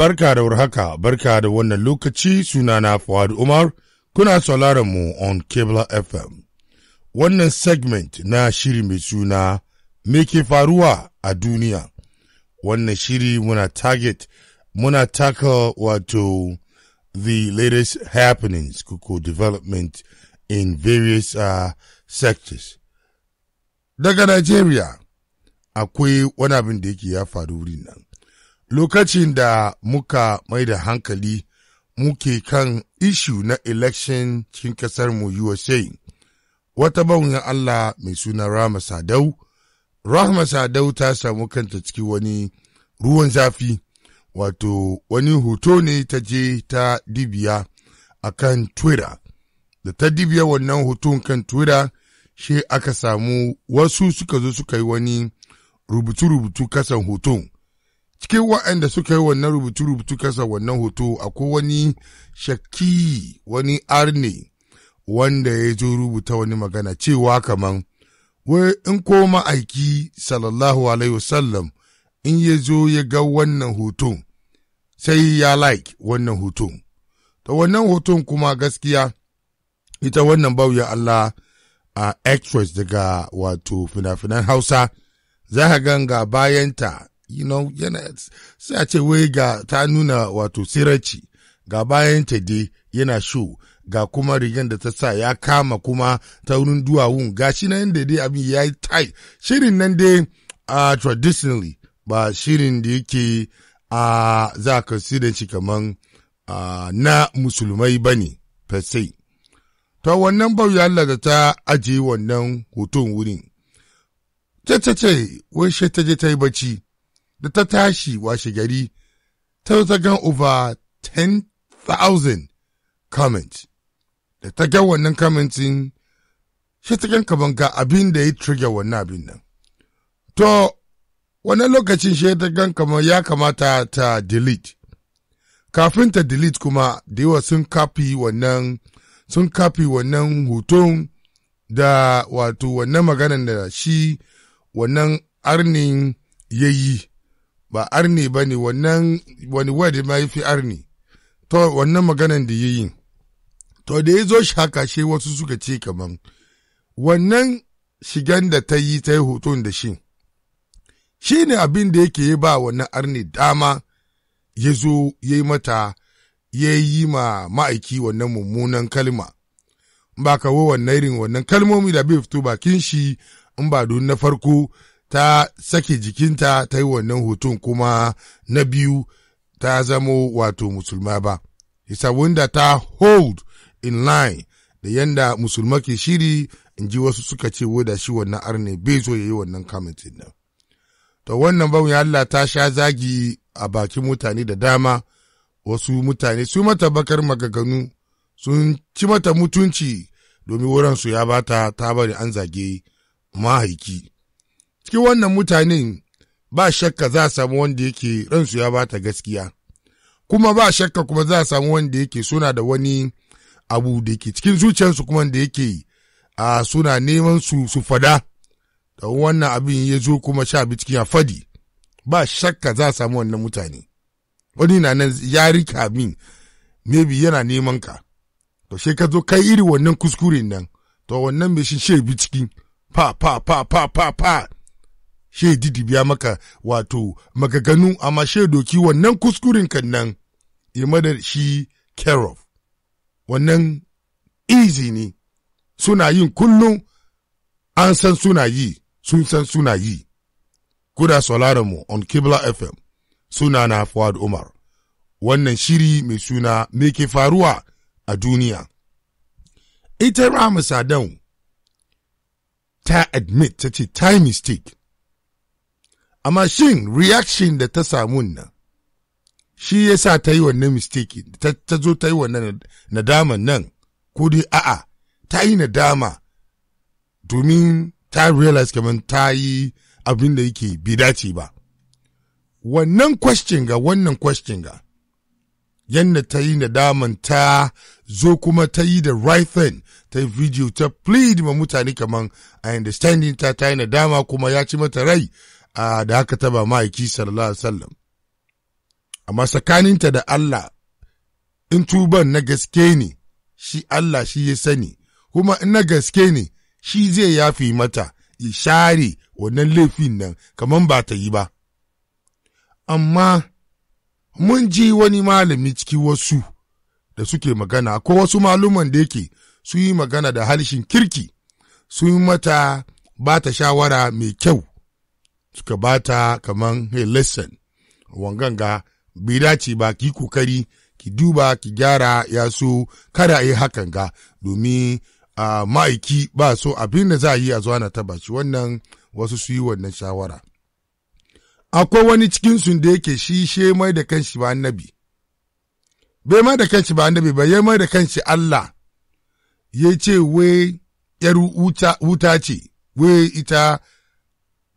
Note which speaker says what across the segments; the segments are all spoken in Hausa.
Speaker 1: Barka da warhaka, barka da wannan lokaci sunana Fuad Umar, kuna sauraron mu on Kebla FM. Wannan segment na shiri mai suna Me faruwa a duniya. Wannan shiri muna target, muna taka wato the latest happenings, kuko development in various uh, sectors. Daga Nigeria, akwai wani abin da yake ya faru wurin nan. lokacin da muka mai da hankali muke kan ishu na election cikin kasar yiwa USA, wata baunin Allah mai suna Rahma Sadau, Rahma Sadau ta samu kanta cikin wani ruwan zafi, wato wani hoto ne ta je ta dibiya a kan Twitter. Da ta dibiya wannan hoton kan Twitter, shi aka samu wasu suka zo suka yi wani rubutu-rubutu kasan hoton. cikin wa'anda suka yi wannan rubutu-rubutu kasa wannan hoto akwai wani shakki wani arne wanda ya zo rubuta wani magana cewa kaman wai in ko ma'aiki sallallahu alaihi wasallam in ya zo ya ga wannan hoton sai ya like wannan hoton ta wannan hoton kuma gaskiya ita wannan bauya Allah a uh, actress daga wato fina-finan hausa za ka ganga bayanta you know yana sai a ce wai ga ta nuna wato siraci ga bayan ta dai yana show ga kuma rigan da ta sa ya kama kuma ta wurin duwawun ga shi na yadda dai abin ya yi tai shirin nan dai a traditionally ba shirin da yake uh, za ka da shi kaman uh, na musulmai ba ne per se ta wannan bauya Allah da ta ajiye wannan hoton wurin ta ce wai shi ta je ta yi bacci da ta tashi washe gari ta ta gan over 10,000 comment da ta ga wannan commentin shi ta gan kaman ga abin da ya trigger wannan abin nan to wannan lokacin shi ta gan kaman ya kamata ta delete kafin ta delete kuma da yawa sun kafi wannan sun kafi wannan hoton da wato wannan maganan da shi wannan arnin ya yi ba arni ba ne wannan wani wadi ma fi arni to wannan maganan da yi to da ya zo shi haka shi wasu suka ce kaman wannan shigan da ta yi ta yi hoton da shi shi ne abin da yake yi ba wannan arni dama ya zo ya yi mata ya yi ma ma'aiki wannan mummunan kalma ba kawo wannan irin wannan kalmomi da bai fito bakin shi in ba don na farko ta sake jikinta ta yi wannan hoton kuma na biyu ta zamo wato musulma ba. Isa wanda ta hold in line da yanda musulma ke shiri in ji wasu suka ce da shi wannan arne bai zo ya yi wannan kamitin nan. To wannan bawon Allah ta sha zagi a bakin mutane da dama wasu mutane su mata bakar magaganu sun ci mata mutunci domin wuransu ya bata ta bari an zage mahaiki. cikin wannan mutanen ba shakka za a samu wanda yake ransu ya bata gaskiya kuma ba shakka kuma za a samu wanda yake suna da wani abu da ke cikin zuciyarsu kuma da yake a suna neman su su fada da wannan abin ya zo kuma sha bi cikin fadi ba shakka za a samu wannan mutane wani na nan ya rika min maybe yana neman ka to sai ka zo kai iri wannan kuskuren nan to wannan mai shi bi ciki pa pa pa pa pa pa she biya maka wato magaganu amma shaidoki wannan kuskurin kan nan ya mada shi care wannan easy ne suna yin kullum an san suna yi sun san suna yi kuda sauraron mu on kibla fm suna na fuad umar wannan shiri mai suna me ke faruwa a duniya ita rama sadan ta admit ta ce ta mistake amma shin reaction da ta samu nan shi ya sa ta yi wannan mistake ta zo ta yi wannan nadama nan ko dai a'a ta yi nadama domin ta realize kamar ta yi abin da yake bai dace ba wannan question ga wannan question ga yadda ta yi nadaman ta zo kuma ta yi da right thing ta yi video ta plead ma mutane kamar a understanding ta ta yi nadama kuma ya ci mata rai da aka taba ma'aiki sallallahu alaihi wasallam amma tsakaninta da Allah in tuban na gaske ne shi Allah shi ya sani kuma in na gaske ne shi zai yafi mata ya share wannan laifin nan kamar ba ta yi ba amma mun ji wani malami ciki wasu da suke magana ko wasu maluman da yake su yi magana da harshen kirki sun mata ba ta shawara mai kyau suka ta kaman hey listen wanganga bai dace ba ki kokari ki duba ki gyara ya so kada a yi hakan ga domin uh, ma'aiki ba so abin da za a yi a zuwa na taba shi wannan wasu su yi wannan shawara akwai wani sun da yake shi she mai da kanshi ba annabi bai mai da kanshi ba annabi ba ya mai da kanshi Allah ya ce wai yar wuta ce wai ita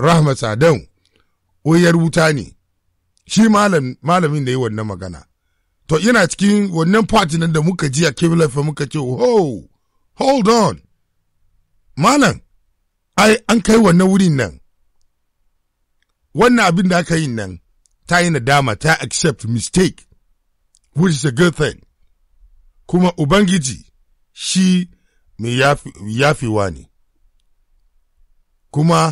Speaker 1: rahma sadan ya wuta ne shi malamin da yi wannan magana to yana cikin wannan part da muka ji a kebla fa muka ce ho hold on malam ai an kai wannan wurin nan wannan abin da aka yi nan ta yi nadama ta accept mistake which is a good thing kuma ubangiji shi mai yafewa ne kuma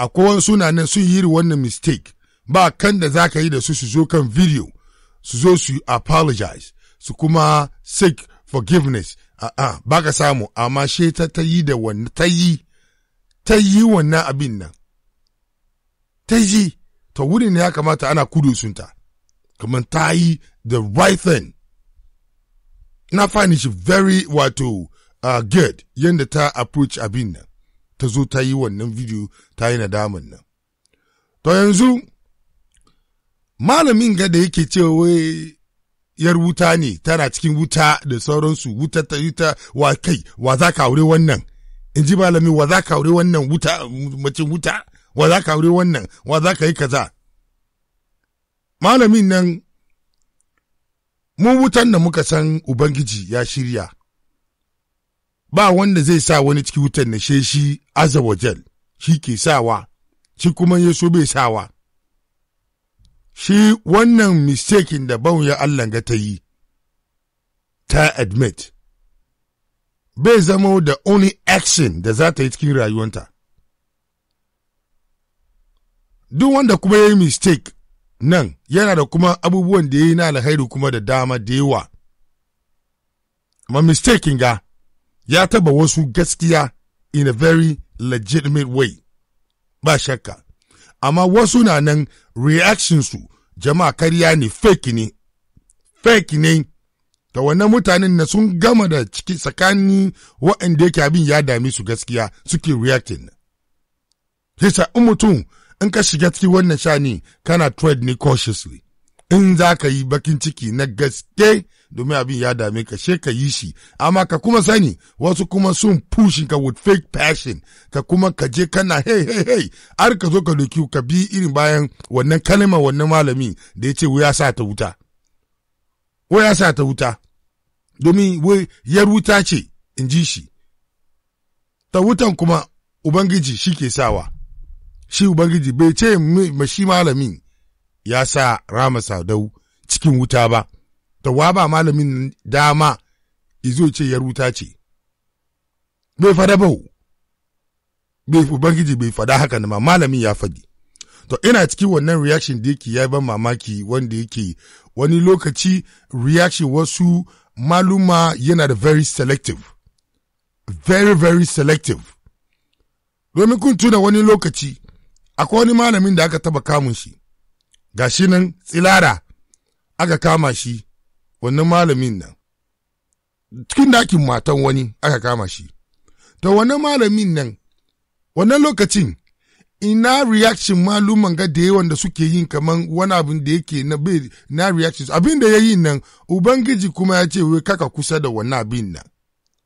Speaker 1: akwai kowan suna nan sun yi wannan mistake ba kan da za ka yi da su su zo kan video su zo su apologize su kuma seek forgiveness a'a ba ka samu amma she ta ta yi da wannan ta yi ta yi wannan abin nan ta yi ta wurin ne ya kamata ana kudu sunta kamar ta yi the right thing na find shi very wato uh, good yadda ta approach abin nan ta zo ta yi wannan video ta yi nadaman nan to yanzu malamin ga da yake cewa yar wuta ne tana cikin wuta da sauransu wuta ta yi ta wa kai wa za ka aure wannan in ji malami wa za ka aure wannan wuta macin wuta wa za ka aure wannan wa za ka yi kaza malamin nan mu wutan da muka san ubangiji ya shirya ba wanda zai sa wani ciki wutar na she shi azawajal shi ke sawa shi kuma ya so bai sawa shi wannan mistakin da ya Allah ga ta yi ta admit bai zama da only action da za ta yi cikin rayuwanta duk wanda kuma ya yi mistake nan yana da kuma abubuwan da ya yi na alhairu kuma da dama da yawa ma mistakin ga ya taba wasu gaskiya in a very legitimate way ba shakka amma wasu na nan su jama'a karya ne fake ne fake ne da wannan mutanen na sun gama da ciki tsakanin waɗanda yake abin ya dame su gaskiya suke reacting Hisa in mutum in ka shiga cikin wannan shani kana trade ne cautiously in za ka yi bakin ciki na gaske domin abin ya dame ka she ka yi shi amma ka kuma sani wasu kuma sun pushin ka with fake passion ka kuma ka je kana hey hey hey har ka zo ka doki ka bi irin bayan wannan kalma wannan malami da ya ce wuya sa ta wuta wuya sa ta wuta domin wai yar wuta ce in ji shi ta wutan kuma ubangiji shi ke sawa shi ubangiji bai ce mashi malamin ya sa rama sadau cikin wuta ba da wa ba malamin dama izo ce ya ruta ce bai fada bau bai ubangiji bai fada haka ma malamin ya fadi to ina cikin wannan reaction da yake ya ban mamaki wanda yake wani lokaci reaction wasu maluma yana da very selective very very selective domin kun tuna wani lokaci akwai wani malamin da aka taba kamun shi ga shi nan tsilara aka kama shi wannan malamin nan cikin dakin matan wani aka kama shi to wannan malamin nan wannan lokacin ina reaction maluman ga da yawan da suke yin kaman wani abin da yake na bai na reactions abin da ya yi nan ubangiji kuma ya ce wai kaka kusa da wannan abin nan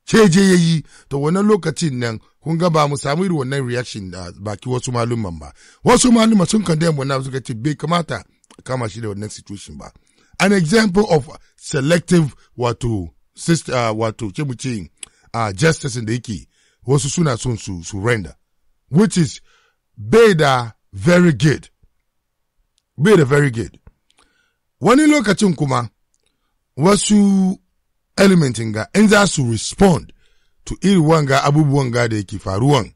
Speaker 1: ceje ya yi to wannan lokacin nan kun ga ba mu samu irin wannan reaction da baki wasu maluman ba wasu maluman sun kan da mu na suka ce bai kamata kama shi da wannan situation ba an example of selective wato sister uh, wato ce mu ce uh, justice da yake wasu suna son su surrender which is bai da very good bai very good wani lokacin kuma wasu elementin ga in za su respond to iri wanga abubuwan ga da yake faruwan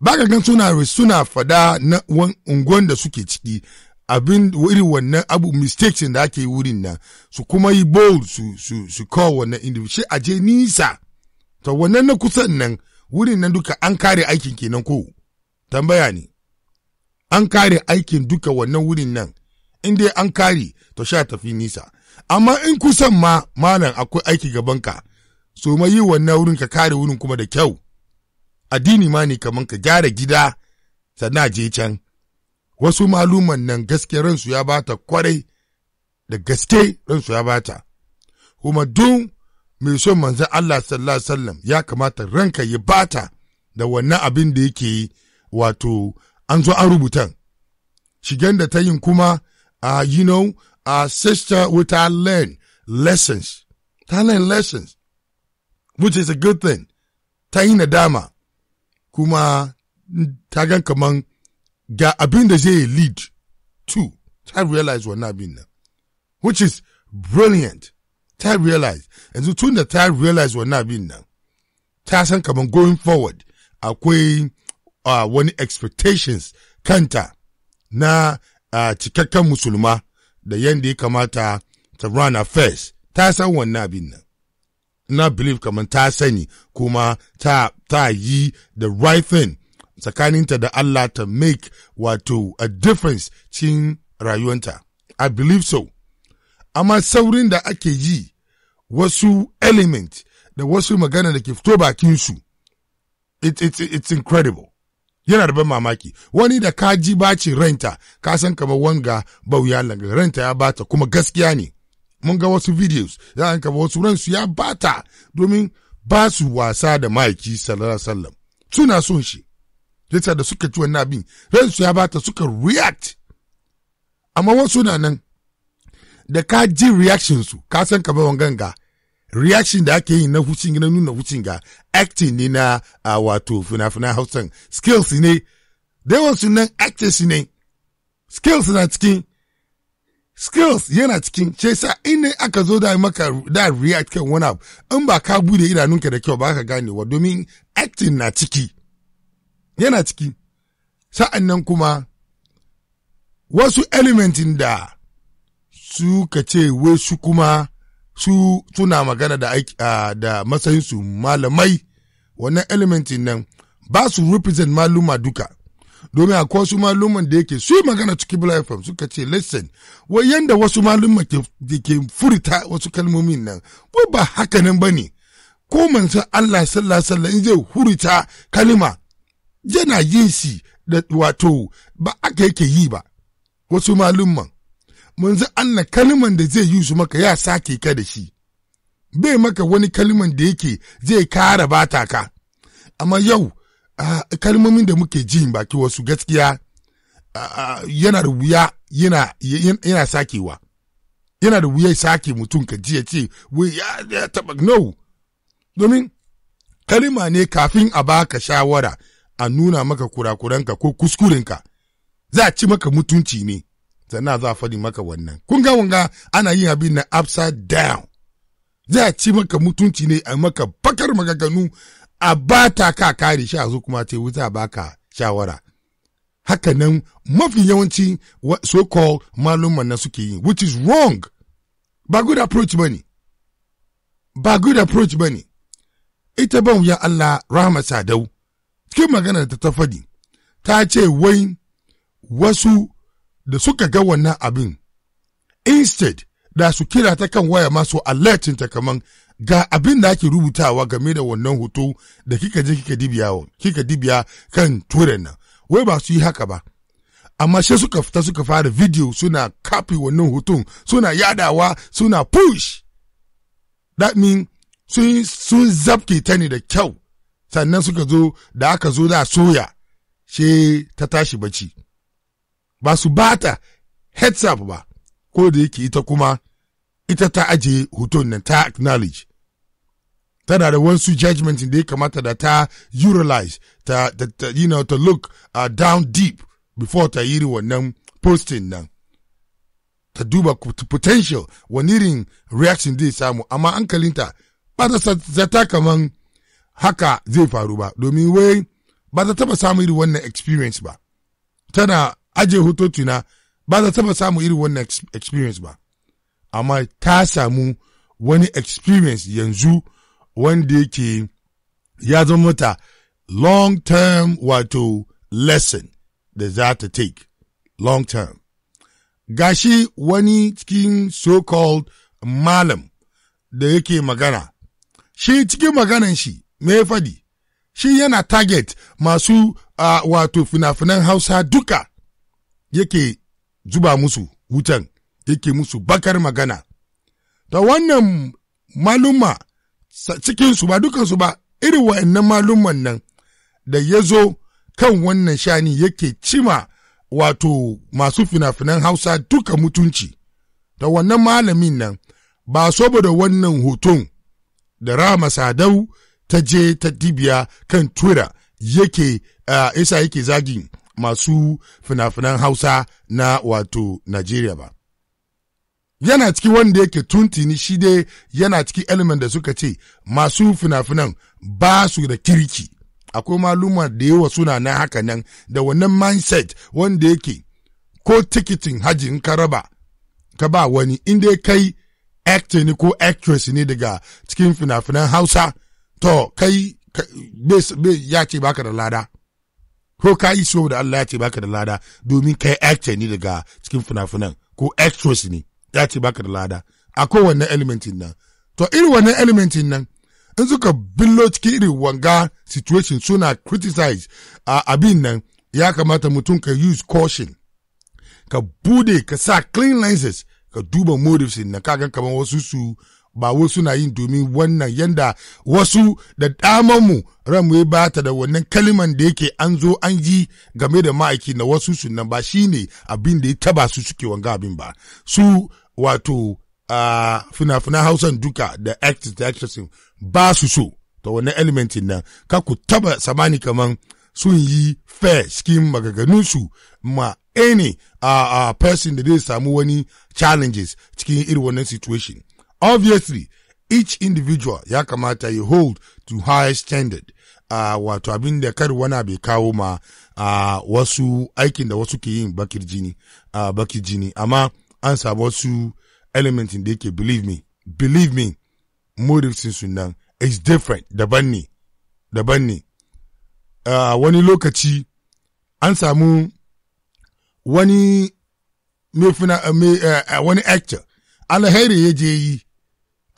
Speaker 1: ba gan suna suna fada na unguwan da suke ciki abin irin wannan abu mistake da ake yi wurin nan su kuma yi bold su su su kawo wannan individual shi aje nisa to wannan na kusan nan wurin nan duka an kare aikin kenan ko tambaya ne an kare aikin duka wannan wurin nan in dai an kare to sha tafi nisa amma in kusan ma malam akwai aiki gaban ka so ma yi wannan wurin ka kare wurin kuma da kyau addini ma ne kaman ka gyara gida sannan je can wasu maluman nan gaske ransu ya bata kwarai da gaske ransu ya bata kuma duk mai son manzan Allah sallallahu sallam ya kamata ranka ya bata da wannan abin da yake yi wato an zo an rubuta shigen da ta yin kuma a uh, you know a uh, sister with her learn lessons ta learn lessons which is a good thing ta yi nadama kuma ta gan kaman ga abin da zai lead to ta realize wannan abin nan which is brilliant ta realize yanzu tun da ta realize wannan abin nan ta san kamar going forward akwai uh, wani expectations kanta na uh, cikakken musulma da yadda ya kamata ta run affairs ta san wannan abin nan na believe kamar ta sani kuma ta, ta yi the right thing tsakaninta da Allah ta make wato a difference cikin rayuwanta. I believe so. Amma saurin da ake yi wasu element da wasu magana da ke fito bakinsu, it, it, it, it's incredible. Yana da ban mamaki, wani da ka ji bacin ranta, ka san kamar wanga bauya langa ranta ya bata kuma gaskiya ne. Mun ga wasu videos, za a kama wasu ransu ya bata domin ba su wasa da ma'aiki sallallahu sallam. Suna son shi, yasa da suka ci wannan abin ransu ya bata suka react amma wasu na nan da ka ji reaction su ka san ka bawan ganga reaction da ake yi na hucin na nuna hucin ga acting ne na uh, wato fina-finan hausan skills ne da su nan actors ne skills na cikin skills yana cikin ce sa ina aka zo da maka da react kan wani abu in ba ka bude idanunka da kyau ba ka gane wa domin acting na ciki yana ciki sa'an nan kuma wasu elementin da suka ce wai su kuma su suna magana da, uh, da matsayinsu malamai wannan elementin nan ba su represent maluma duka domin akwai wasu maluman da yake su magana ciki bula suka ce listen wai yanda wasu maluma da ke furta wasu kalmomin nan wai ba haka nan ba ne ko mansa Allah sallallahu in zai hurita kalima yana yin shi da wato ba aka yake yi ba wasu malumman manzo Allah kalman da zai yi su maka ya sake ka da shi bai maka wani kalman da yake zai kara bata ka amma yau kalmomin da muke ji baki wasu gaskiya yana da wuya yana sakewa yana da wuya sake mutum ka ji ya ce wai ya taba no domin kalima ne kafin a baka shawara a nuna maka kurakuranka ko kuskurenka za a ci maka mutunci ne sannan za a faɗi maka wannan kun ga wanga ana yin abin na upside down za a ci maka mutunci ne a maka bakar magaganu a ba ta ka kare shi a zo kuma ce wuta ba ka shawara haka nan mafi yawanci so called malumman na suke yi which is wrong ba good approach ba bane ba good approach ba ne ita ban wuya Allah rahama sadau cikin magana ta ta faɗi ta ce wai wasu da suka ga wannan abin instead da su kira ta kan waya masu alertin ta kaman ga abin da ake rubutawa game da wannan hoto da kika je kika dibiya kika dibiya kan turen nan wai ba su yi haka ba amma sai suka fita suka fara video suna copy wannan hoton suna yadawa suna push that mean sun sun ta ne da kyau sannan suka zo da aka zo da soya she ta tashi bacci ba su bata heads up ba ko da yake ita kuma ita ta aje hoton nan ta acknowledge tana da wasu judgment da ya kamata da ta utilize ta, ta, ta, you know, ta look uh, down deep before ta yi wannan posting nan ta duba potential wani irin reaction zai samu amma ankalinta ba ta zata kaman haka zai faru ba domin wai ba ta taba samu irin wannan experience ba tana aje na ba ta taba samu irin wannan experience ba amma ta samu wani experience yanzu wanda yake ya zama mata long term wato lesson da za ta take long term gashi wani cikin so-called malam da yake magana shi cikin maganan shi me ya faɗi shi yana target masu uh, wato fina hausa duka yake zuba musu wutan yake musu bakar magana da wannan maluma cikinsu ba dukansu ba irin wa'annan maluman nan da ya zo kan wannan shani yake cima wato masu finafinan hausa duka mutunci da wannan malamin nan ba saboda wannan hoton da rama sadau ta je ta dibiya kan twitter yake uh, isa yake zagi masu fina-finan hausa na wato nigeria ba. Yana ciki wanda yake tuntuni shi dai yana ciki element da suka ce masu fina-finan ba su da kirki. Akwai maluma da yawa suna na haka nan da wannan mindset wanda yake ko tikitin hajji in ka raba ka ba wani inda kai actor ne ko actress ne daga cikin fina-finan hausa to kai ya ce baka da lada ko ka yi da Allah ya ce baka da lada domin kai actor ne daga cikin funafunan ko actress ne ya ce baka da lada a kowanne elementin nan to irin wannan elementin nan in suka billo cikin irin wanga situation suna criticize a abin nan ya kamata mutum ka use caution ka bude ka sa clean lenses ka duba motives na kagan kamar wasu su ba wai suna yin domin wannan yanda wasu da damanmu ranmu ya bata da wannan kaliman da yake an zo an ji game da ma'aiki na wasu sunan ba shine abin da ya taba su suke wanga abin ba su wato fina fina hausan duka da actors da actresses ba su so ta wannan elementin nan ka ku taba samani kaman sun yi fair skin magaganunsu ma any a uh, person da zai samu wani challenges cikin irin wannan situation obviously each individual ya kamata ya hold to high standard uh, wato abin da kar wani bai kawo ma uh, wasu aikin da wasu ke yin bakir jini uh, bakir jini amma an samu wasu elementin da yake believe me believe me motivesin sunan is different daban ne daban ne uh, wani lokaci an samu wani mefuna uh, eh, me, uh, uh, wani actor alheri ya je yi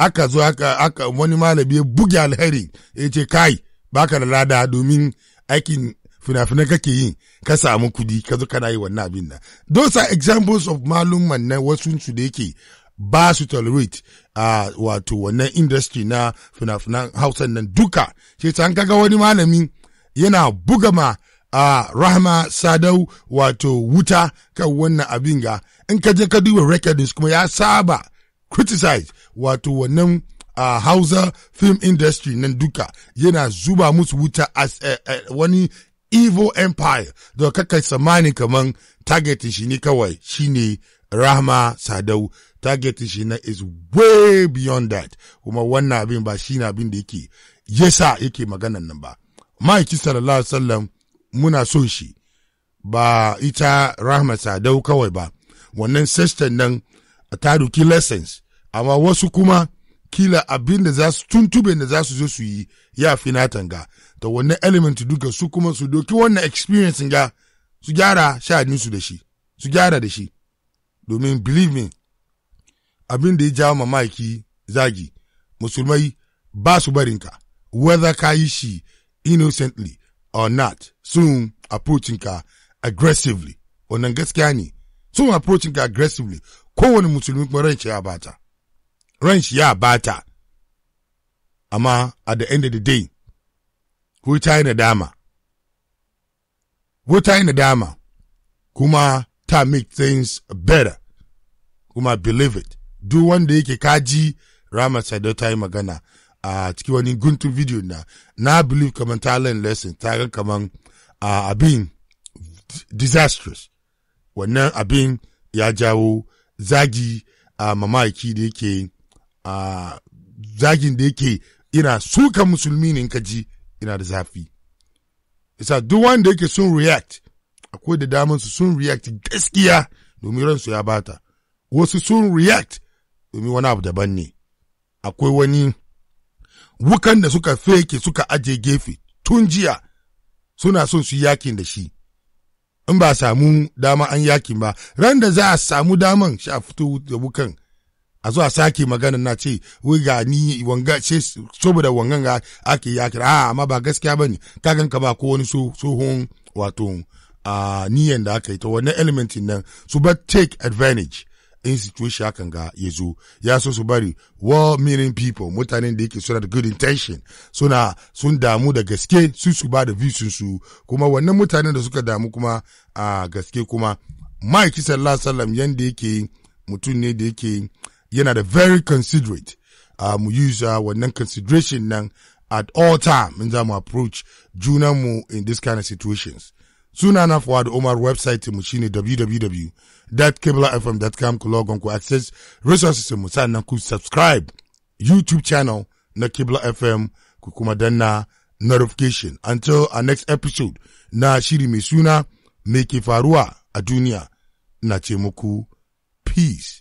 Speaker 1: aka zo aka, aka wani malami ya buge alheri ya ce kai baka da lada domin aikin fina-finan kake yi ka samu kudi ka zo kana yi wannan abin nan those are examples of malumman na wasu su da yake ba su tolerate a uh, wato wannan industry na fina-finan hausan nan duka ce an kaga wani malami yana buga ma a uh, rahama sadau wato wuta kan wannan abin ga in ka je ka duba records kuma ya saba criticize wato wannan a uh, hausa film industry nan duka yana zuba musu wuta as uh, wani evil empire da kaka samani kaman target shi ne kawai shine rahma sadau target shi na is way beyond that kuma wannan abin ba shine abin da yake yasa yake maganan nan ba ma'aiki sallallahu alaihi wasallam muna son shi ba ita rahma sadau kawai ba wannan sister nan ta doki lessons amma wasu kuma kila abin da za su tuntube da za su zo su yi ya fi na tanga ta wannan element duka su kuma su doki wannan experience ga su gyara sha'anin su da shi su gyara da shi domin believe me abin da ya jawo mamaki zagi musulmai ba su barinka whether ka yi shi innocently or not sun approaching ka aggressively wannan gaskiya ne sun approaching ka aggressively kowane musulmi kuma ranshi ya bata ranshi ya bata amma at the end of the day ko yi nadama ko yi nadama kuma ta make things better kuma believe it duk wanda yake kaji Rama Sadau ta yi magana a cikin wani guntun video na na believe kamar ta learn lesson ta ga kamar abin disastrous wannan abin ya jawo zagi a mamaki da yake a zagin da yake ina suka musulmi ne ka ji ina da zafi isa duk wanda yake sun react akwai da damar su sun react gaskiya domin ransu ya bata wasu sun react domin wani abu daban ne akwai wani wukan da suka feke suka ajiye gefe tun jiya suna son su yakin da shi in ba samu dama an yakin ba ran da za a samu daman shi a fito da wukan a zuwa sake magana na ce wai ga ni wanga ce saboda wangan ga ake yakin a amma ba gaskiya bane kagan ka ba ko wani tsohon wato a niyan da aka yi ta wannan elementin nan su ba take advantage in situation hakan ga ya zo ya so su bari well meaning people mutanen da yake suna da good intention suna sun damu da gaske su su ba da vision su kuma wannan mutanen da suka damu kuma a gaske kuma Mike sallallahu alaihi wasallam yanda yake mutum ne da yake yana da very considerate uh, mu use uh, wannan consideration nan at all time in za mu approach junanmu in this kind of situations. Sunana da umar website mu shine www www.kiblafm.com ku logon ku access resources mu sannan ku subscribe YouTube channel na Kibla FM ku kuma danna notification until our next episode na shiri mai suna me ke faruwa a duniya na ce muku peace